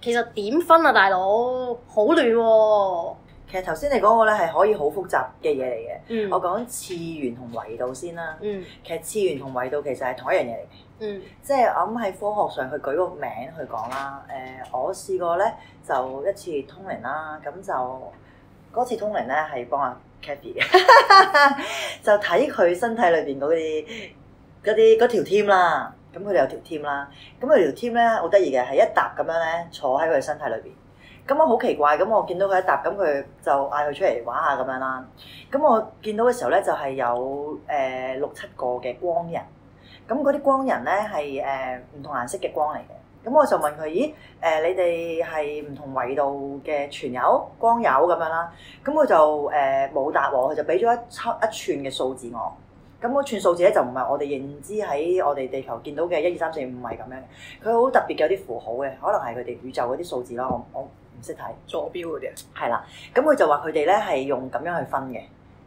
其實點分啊？大佬好亂喎！其實頭先你講個咧係可以好複雜嘅嘢嚟嘅，我講次元同維度先啦。其實次元同維度其實係同一樣嘢嚟嘅，即係我諗喺科學上去舉個名去講啦。誒，我試過咧就一次通靈啦，咁就嗰次通靈咧係幫阿 Cady 就睇佢身體裏邊嗰啲啲嗰條 team 啦。咁佢哋有條 team 啦，咁佢條 team 咧好得意嘅，係一沓咁樣咧坐喺佢身體裏邊。咁我好奇怪，咁我見到佢一沓，咁佢就嗌佢出嚟玩下咁樣啦。咁我見到嘅時候咧，就係、係、有誒、呃、六七個嘅光人。咁嗰啲光人咧係誒唔同顏色嘅光嚟嘅。咁我就問佢：咦誒、呃，你哋係唔同維度嘅全友光友咁樣啦？咁佢就誒冇、呃、答我，佢就俾咗一七一串嘅數字我。咁嗰串數字咧就唔係我哋認知喺我哋地球見到嘅一二三四五係咁樣嘅，佢好特別嘅有啲符號嘅，可能係佢哋宇宙嗰啲數字啦。我我唔識睇。坐標嗰啲啊？係啦，咁佢就話佢哋咧係用咁樣去分嘅，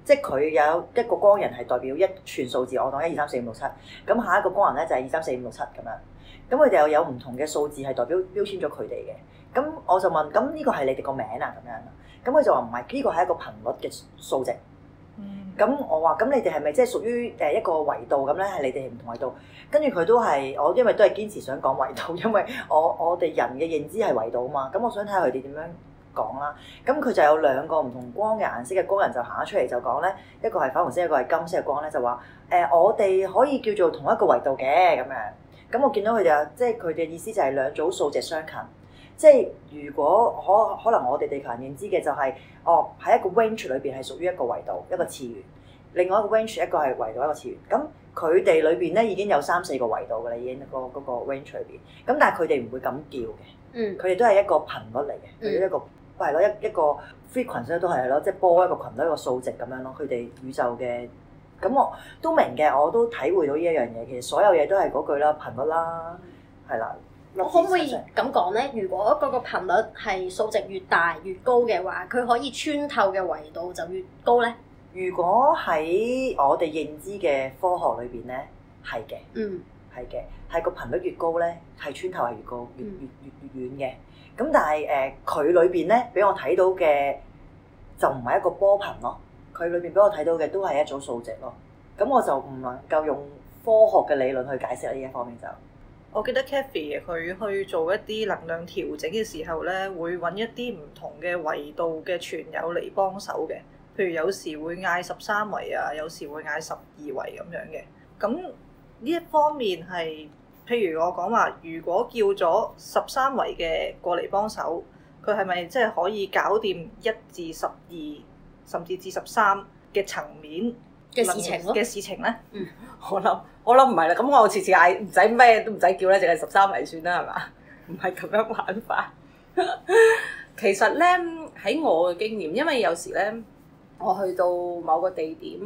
即係佢有一個光人係代表一串數字，我當一二三四五六七，咁下一個光人咧就係二三四五六七咁樣，咁佢哋又有唔同嘅數字係代表標籤咗佢哋嘅。咁我就問，咁呢個係你哋個名啊？咁樣，咁佢就話唔係，呢個係一個頻率嘅數值。咁我話咁你哋係咪即係屬於誒一個維度咁咧？係你哋唔同維度，跟住佢都係我因為都係堅持想講維度，因為我我哋人嘅認知係維度嘛。咁我想睇下佢哋點樣講啦。咁佢就有兩個唔同光嘅顏色嘅光人就行咗出嚟就講咧，一個係粉紅色，一個係金色嘅光咧，就話誒、呃、我哋可以叫做同一個維度嘅咁樣。咁我見到佢哋啊，即係佢哋意思就係兩組數值相近。即係如果可可能我哋地球人認知嘅就係、是、哦喺一個 range 裏邊係屬於一個維度，一個次元，另外一個 range 一個係維度，一個次元。咁佢哋裏邊咧已經有三四個維度㗎啦，已經個嗰、那個 range 裏邊。咁但係佢哋唔會咁叫嘅，佢哋、嗯、都係一個頻率嚟嘅，佢一個係咯一一個 frequency 都係咯，即係波一個頻率，一個數值咁樣咯。佢哋宇宙嘅，咁我都明嘅，我都體會到呢一樣嘢。其實所有嘢都係嗰句啦，頻率啦，係啦、嗯。我可唔可以咁講咧？如果嗰個頻率係數值越大越高嘅話，佢可以穿透嘅維度就越高咧？如果喺我哋認知嘅科學裏邊咧，係嘅，嗯，係嘅，係個頻率越高咧，係穿透係越高，越越越越，越遠嘅。咁但係誒，佢裏邊咧俾我睇到嘅就唔係一個波頻咯，佢裏邊俾我睇到嘅都係一種數值咯。咁我就唔能夠用科學嘅理論去解釋呢一方面就。我記得 Kathy 佢去做一啲能量調整嘅時候咧，會揾一啲唔同嘅維度嘅傳友嚟幫手嘅。譬如有時會嗌十三維啊，有時會嗌十二維咁樣嘅。咁呢一方面係，譬如我講話，如果叫咗十三維嘅過嚟幫手，佢係咪即係可以搞掂一至十二，甚至至十三嘅層面？嘅事情，嘅事情咧，嗯，我諗，我諗唔係啦，咁我次次嗌，唔使咩都唔使叫啦，淨係十三圍算啦，係嘛？唔係咁樣玩法。 其實咧，喺我嘅經驗，因為有時咧，我去到某個地點。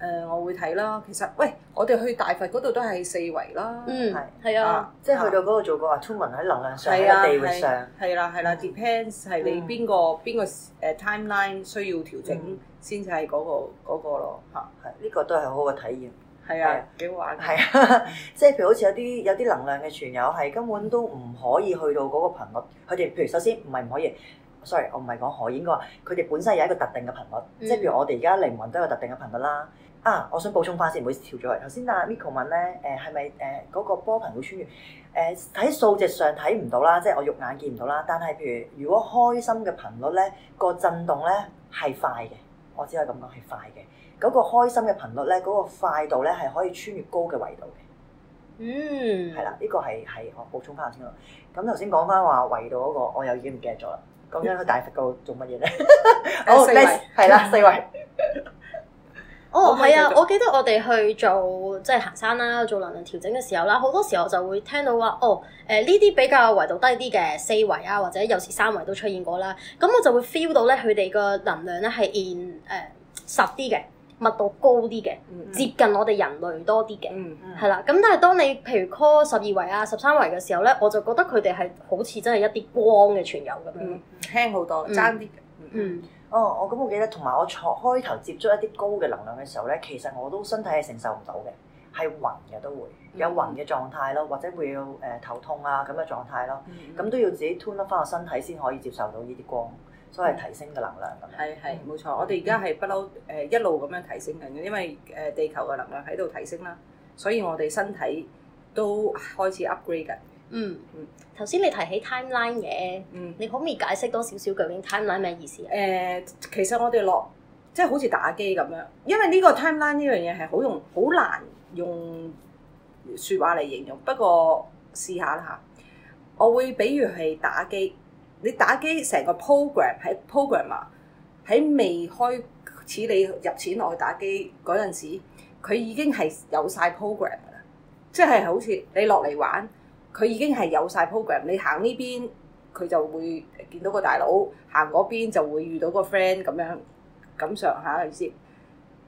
誒，我會睇啦。其實，喂，我哋去大佛嗰度都係四圍啦，係係啊，即係去到嗰度做過話 touring 喺能量上喺地面上，係啦係啦，depends 係你邊個邊個誒 timeline 需要調整先至係嗰個嗰咯，嚇係呢個都係好嘅體驗，係啊幾好玩，係啊，即係譬如好似有啲有啲能量嘅存有係根本都唔可以去到嗰個頻率，佢哋譬如首先唔係唔可以，sorry，我唔係講海，應該話佢哋本身有一個特定嘅頻率，即係譬如我哋而家靈魂都有特定嘅頻率啦。啊！我想補充翻先，唔好調咗佢。頭先阿 Miko 問咧，誒係咪誒嗰個波頻會穿越？誒喺數值上睇唔到啦，即係我肉眼見唔到啦。但係譬如如果開心嘅頻率咧，個震動咧係快嘅，我只可以咁講係快嘅。嗰個開心嘅頻率咧，嗰個快度咧係可以穿越高嘅維度嘅。嗯，係啦，呢個係係我補充翻先咯。咁頭先講翻話維度嗰個，我又已經唔記得咗啦。講緊佢大佛夠做乜嘢咧？好，係啦，四位。哦，係啊、oh, yeah, 嗯！我記得我哋去做即係行山啦、啊，做能量調整嘅時候啦，好多時候我就會聽到話，哦，誒呢啲比較維度低啲嘅四維啊，或者有時三維都出現過啦。咁我就會 feel 到咧，佢哋個能量咧係 in 誒實啲嘅，密度高啲嘅，嗯、接近我哋人類多啲嘅，係、嗯嗯、啦。咁但係當你譬如 call 十二維啊、十三維嘅時候咧，我就覺得佢哋係好似真係一啲光嘅傳入咁樣，輕好、嗯、多，爭啲嘅。嗯。嗯嗯。哦，我咁我記得，同埋我從開頭接觸一啲高嘅能量嘅時候咧，其實我都身體係承受唔到嘅，係暈嘅都會，有暈嘅狀態咯，或者會有誒、呃、頭痛啊咁嘅狀態咯，咁、嗯、都要自己 turn 翻個身體先可以接受到呢啲光，所謂提升嘅能量噶。係係、嗯，冇錯。錯嗯、我哋而家係不嬲誒一路咁樣提升緊，因為誒、呃、地球嘅能量喺度提升啦，所以我哋身體都開始 upgrade 㗎。嗯，嗯，頭先你提起 timeline 嘅，嗯、你可唔可以解釋多少少究竟 timeline 咩意思啊、呃？其實我哋落即係好似打機咁樣，因為呢個 timeline 呢樣嘢係好用、好難用説話嚟形容。不過試下啦吓，我會比如係打機，你打機成個 program 喺 programmer 喺未開始你入錢落去打機嗰陣時，佢已經係有晒 program 㗎啦，即係好似你落嚟玩。佢已經係有晒 program，你行呢邊佢就會見到個大佬，行嗰邊就會遇到個 friend 咁樣咁上下、啊、係咪先？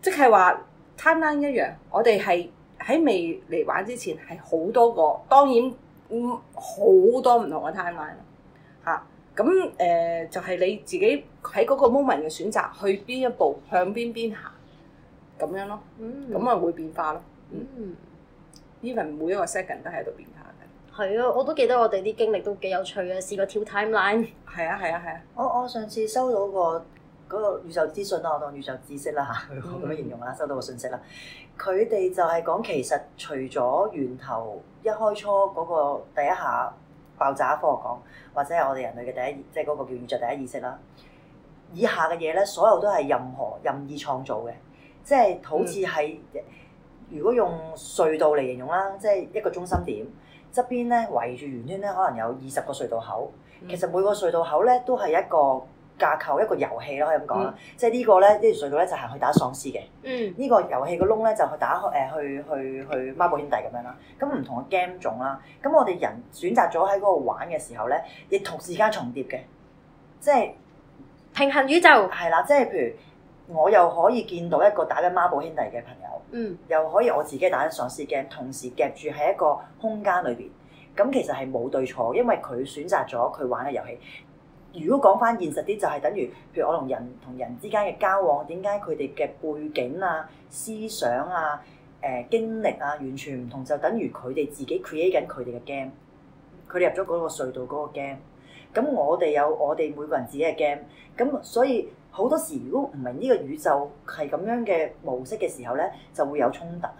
即係話 timeline 一樣，我哋係喺未嚟玩之前係好多個，當然好、嗯、多唔同嘅 timeline 嚇。咁、啊、誒、嗯呃、就係、是、你自己喺嗰個 moment 嘅選擇，去邊一步，向邊邊行，咁樣咯。咁啊、嗯、會變化咯。even、嗯嗯、每一個 second 都喺度變化。係啊！我都記得我哋啲經歷都幾有趣啊！試過跳 timeline。係啊！係啊！係啊！我我上次收到個嗰個宇宙資訊啦，我當宇宙知識啦嚇，咁、啊、樣形容啦，收到個信息啦。佢哋就係講其實除咗源頭一開初嗰個第一下爆炸科學講，或者係我哋人類嘅第一，即係嗰個叫宇宙第一意識啦。以下嘅嘢咧，所有都係任何任意創造嘅，即係好似係如果用隧道嚟形容啦，即係一個中心點。側邊咧圍住圓圈咧，可能有二十個隧道口。嗯、其實每個隧道口咧都係一個架構，一個遊戲咯，可以咁講啦。嗯、即係呢、呢個咧呢條隧道咧就係去打喪屍嘅。呢、嗯、個遊戲個窿咧就去打誒、呃、去去去孖寶兄弟咁樣啦。咁唔同嘅 game 種啦。咁我哋人選擇咗喺嗰度玩嘅時候咧，亦同時間重疊嘅，即係平衡宇宙。係啦，即係譬如。我又可以見到一個打緊孖寶兄弟嘅朋友，嗯、又可以我自己打緊喪屍 game，同時夾住喺一個空間裏邊。咁其實係冇對錯，因為佢選擇咗佢玩嘅遊戲。如果講翻現實啲，就係、是、等於譬如我同人同人之間嘅交往，點解佢哋嘅背景啊、思想啊、誒、呃、經歷啊，完全唔同，就等於佢哋自己 create 緊佢哋嘅 game。佢哋入咗嗰個隧道嗰個 game，咁我哋有我哋每個人自己嘅 game，咁所以。好多時，如果唔明呢個宇宙係咁樣嘅模式嘅時候呢，就會有衝突啊！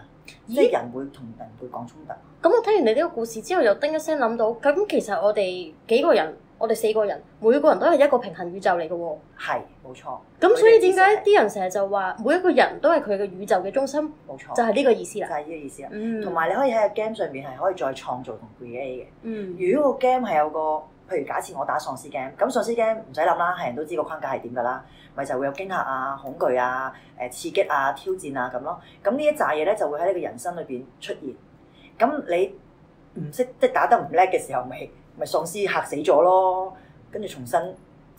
即咦人會同人會講衝突。咁我聽完你呢個故事之後，又叮一聲諗到，咁其實我哋幾個人，我哋四個人，每個人都係一個平衡宇宙嚟嘅喎。係，冇錯。咁所以點解啲人成日就話，每一個人都係佢嘅宇宙嘅中心？冇錯，就係呢個意思啦。就係呢個意思啦。同埋、嗯、你可以喺個 game 上面係可以再創造同 create 嘅。嗯。如果個 game 係有個。譬如假設我打喪屍 game，咁喪屍 game 唔使諗啦，係人都知個框架係點㗎啦，咪就會有驚嚇啊、恐懼啊、誒、呃、刺激啊、挑戰啊咁咯。咁呢一扎嘢咧就會喺你個人生裏邊出現。咁你唔識即打得唔叻嘅時候，咪咪喪屍嚇死咗咯，跟住重新，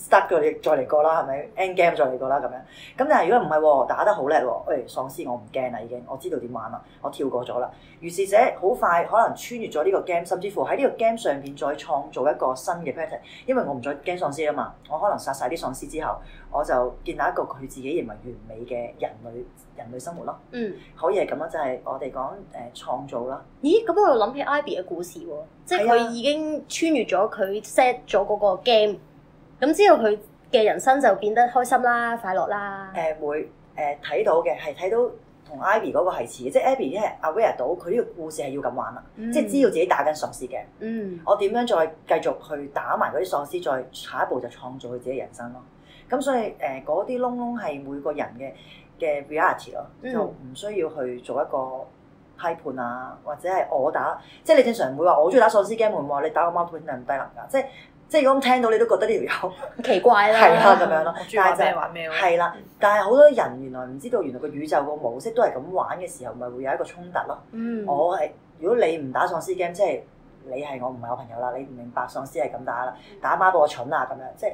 stop 佢，你再嚟過啦，係咪？End game 再嚟過啦，咁樣。咁但係如果唔係喎，打得好叻喎，誒、哎，喪屍我唔驚啦，已經，我知道點玩啦，我跳過咗啦。於是者好快可能穿越咗呢個 game，甚至乎喺呢個 game 上邊再創造一個新嘅 pattern，因為我唔再驚喪屍啊嘛，我可能殺晒啲喪屍之後，我就建立一個佢自己認為完美嘅人類人類生活咯。嗯，可以係咁啊，樣就係我哋講誒創造啦。咦，咁我又諗起 Ivy 嘅故事喎，即係佢已經穿越咗佢 set 咗嗰個 game、嗯。咁之後佢嘅人生就變得開心啦、快樂啦。誒、呃、會誒睇、呃、到嘅係睇到同 Ivy 嗰個係似即係 Abby 咧 Aware 到佢呢個故事係要咁玩啦，嗯、即係知道自己打緊喪屍嘅。嗯，我點樣再繼續去打埋嗰啲喪屍，再下一步就創造佢自己人生咯。咁所以誒嗰啲窿窿係每個人嘅嘅 Reality 咯，嗯、就唔需要去做一個批判啊，或者係我打，即係你正常唔會話我中意打喪屍 game，唔會話你打個貓盤係低能噶，即係。即係如果咁聽到，你都覺得呢條友奇怪啦，係啊，咁樣咯。玩咩就係啦，但係好多人原來唔知道，原來個宇宙個模式都係咁玩嘅時候，咪會有一個衝突咯。嗯、我係如果你唔打喪屍 game，即係你係我唔係我朋友啦。你唔明白喪屍係咁打啦，打孖寶我蠢啊，咁樣即係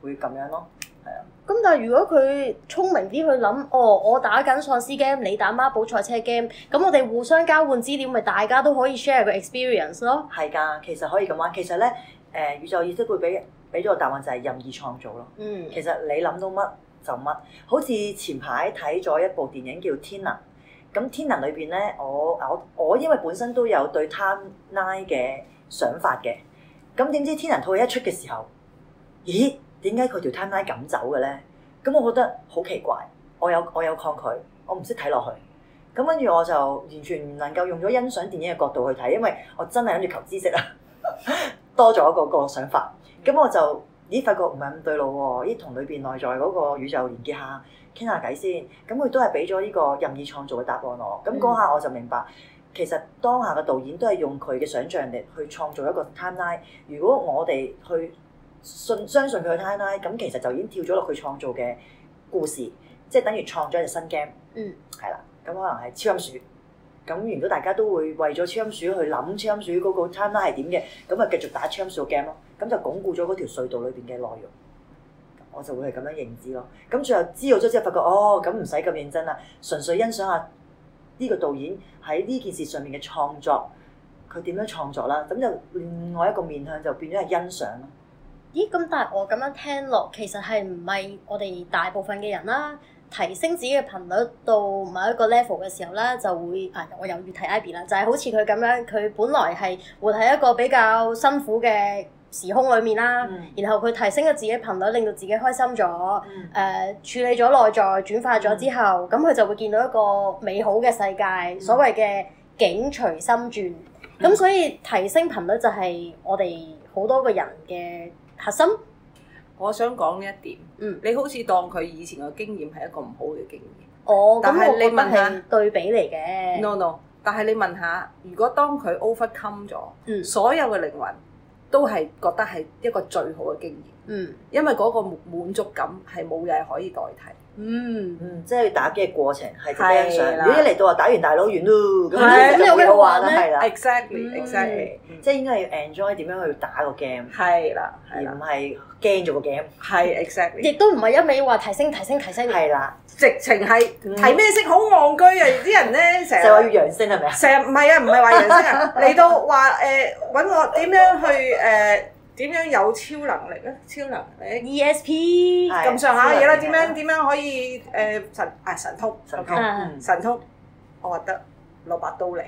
會咁樣咯。係啊。咁但係如果佢聰明啲去諗，哦，我打緊喪屍 game，你打孖寶賽車 game，咁我哋互相交換資料，咪大家都可以 share 個 experience 咯。係㗎，其實可以咁玩。其實咧。誒，宇宙意識會俾俾咗個答案，就係任意創造咯。嗯，其實你諗到乜就乜。好似前排睇咗一部電影叫《天能》，咁《天能》裏邊咧，我我我因為本身都有對 Time Line 嘅想法嘅。咁點知《天能》套一出嘅時候，咦？點解佢條 Time Line 咁走嘅咧？咁我覺得好奇怪。我有我有抗拒，我唔識睇落去。咁跟住我就完全唔能夠用咗欣賞電影嘅角度去睇，因為我真係諗住求知識啦。 多咗個一個想法，咁我就咦發覺唔係咁對路喎，哦，咦同裏邊內在嗰個宇宙連結下傾下偈先，咁佢都係俾咗呢個任意創造嘅答案我，咁嗰下我就明白，其實當下嘅導演都係用佢嘅想像力去創造一個 timeline，如果我哋去信相信佢嘅 timeline，咁其實就已經跳咗落佢創造嘅故事，即係等於創咗一隻新 game，嗯，係啦，咁可能係超音鼠。咁，如果大家都會為咗倉鼠去諗倉鼠嗰個 timeline 係點嘅，咁啊繼續打倉鼠 game 咯，咁就鞏固咗嗰條隧道裏邊嘅內容。我就會係咁樣認知咯。咁最後知道咗之後，發覺哦，咁唔使咁認真啦，純粹欣賞下呢個導演喺呢件事上面嘅創作，佢點樣創作啦？咁就另外一個面向就變咗係欣賞咯。咦？咁但係我咁樣聽落，其實係唔係我哋大部分嘅人啦？提升自己嘅頻率到某一個 level 嘅時候咧，就會，啊我又要提 Ivy 啦，就係、是、好似佢咁樣，佢本來係活喺一個比較辛苦嘅時空裡面啦，嗯、然後佢提升咗自己嘅頻率，令到自己開心咗，誒、嗯呃、處理咗內在轉化咗之後，咁佢、嗯嗯、就會見到一個美好嘅世界。嗯、所謂嘅境隨心轉，咁、嗯、所以提升頻率就係我哋好多個人嘅核心。我想講呢一點，你好似當佢以前嘅經驗係一個唔好嘅經驗。哦，咁我覺得係對比嚟嘅。No no，但係你問下，如果當佢 overcome 咗，嗯、所有嘅靈魂都係覺得係一個最好嘅經驗。嗯，因為嗰個滿足感係冇嘢可以代替。嗯，嗯，即係打機嘅過程係值得欣賞。如果一嚟到話打完大佬完咯，咁有咩好玩咧？Exactly，Exactly，即係應該要 enjoy 點樣去打個 game。係啦，而唔係驚咗個 game。係 Exactly。亦都唔係一味話提升、提升、提升。係啦，直情係提咩升好戇居啊！啲人咧成日就話要揚升係咪啊？成日唔係啊，唔係話揚升啊，嚟到話誒搵我點樣去誒？點樣有超能力咧？超能力 ESP 咁上下嘢啦，點樣點樣可以誒、呃、神啊、哎、神通？神通神通、嗯、神通，我覺得攞把刀嚟。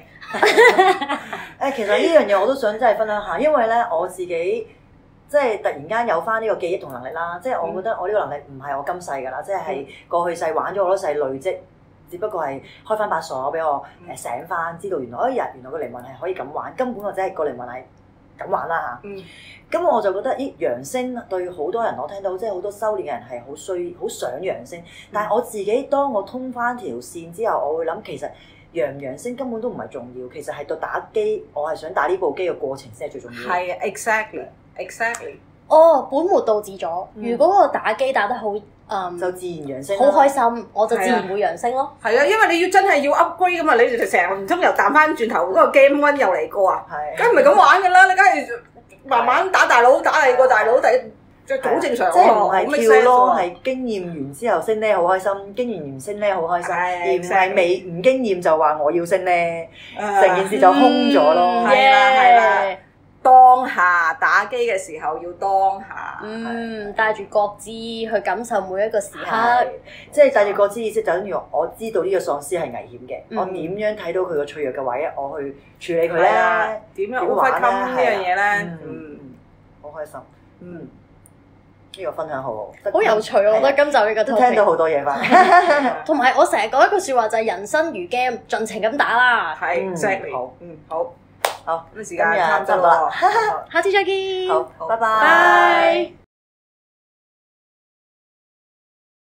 誒，其實呢樣嘢我都想真係分享下，因為咧我自己即係突然間有翻呢個記憶同能力啦，即係我覺得我呢個能力唔係我今世㗎啦，即係、嗯、係過去世玩咗好多世累積，只不過係開翻把鎖俾我誒醒翻，知道原來一日原來個靈魂係可以咁玩，根本我真係個靈魂係。咁玩啦、啊、嚇，咁、嗯嗯、我就覺得咦，揚升對好多人我聽到，即係好多修煉嘅人係好需好想揚升。但係我自己當我通返條線之後，我會諗其實揚唔揚升根本都唔係重要，其實係到打機，我係想打呢部機嘅過程先係最重要。係，exactly，exactly。Exactly, exactly. 對哦，本末倒置咗。如果我打機打得好。嗯 Um, 就自然揚升。好開心，我就自然會揚升咯。係啊，啊，因為你真要真係要 upgrade 咁啊，你成唔通又彈翻轉頭，嗰、那個 game one 又嚟過啊！係，梗唔係咁玩㗎啦？你梗係慢慢打大佬，啊、打你二個大佬，第即係好正常、啊。即係唔係跳咯？係、啊、經驗完之後升咧好開心，經驗完升咧好開心，而係未唔經驗就話我要升咧，成、嗯、件事就空咗咯，係啦、啊，係啦、啊。當下打機嘅時候要當下，嗯，帶住覺知去感受每一個時刻，即係帶住覺知意識就等於我知道呢個喪屍係危險嘅，我點樣睇到佢個脆弱嘅位，我去處理佢咧，點玩咧，呢樣嘢咧，嗯，好開心，嗯，呢個分享好，好有趣，我覺得今集你覺得聽到好多嘢返，同埋我成日講一句説話就係人生如 game，盡情咁打啦，係，好，嗯，好。好咁，嗰個時間就到啦，下次再見，好，拜拜。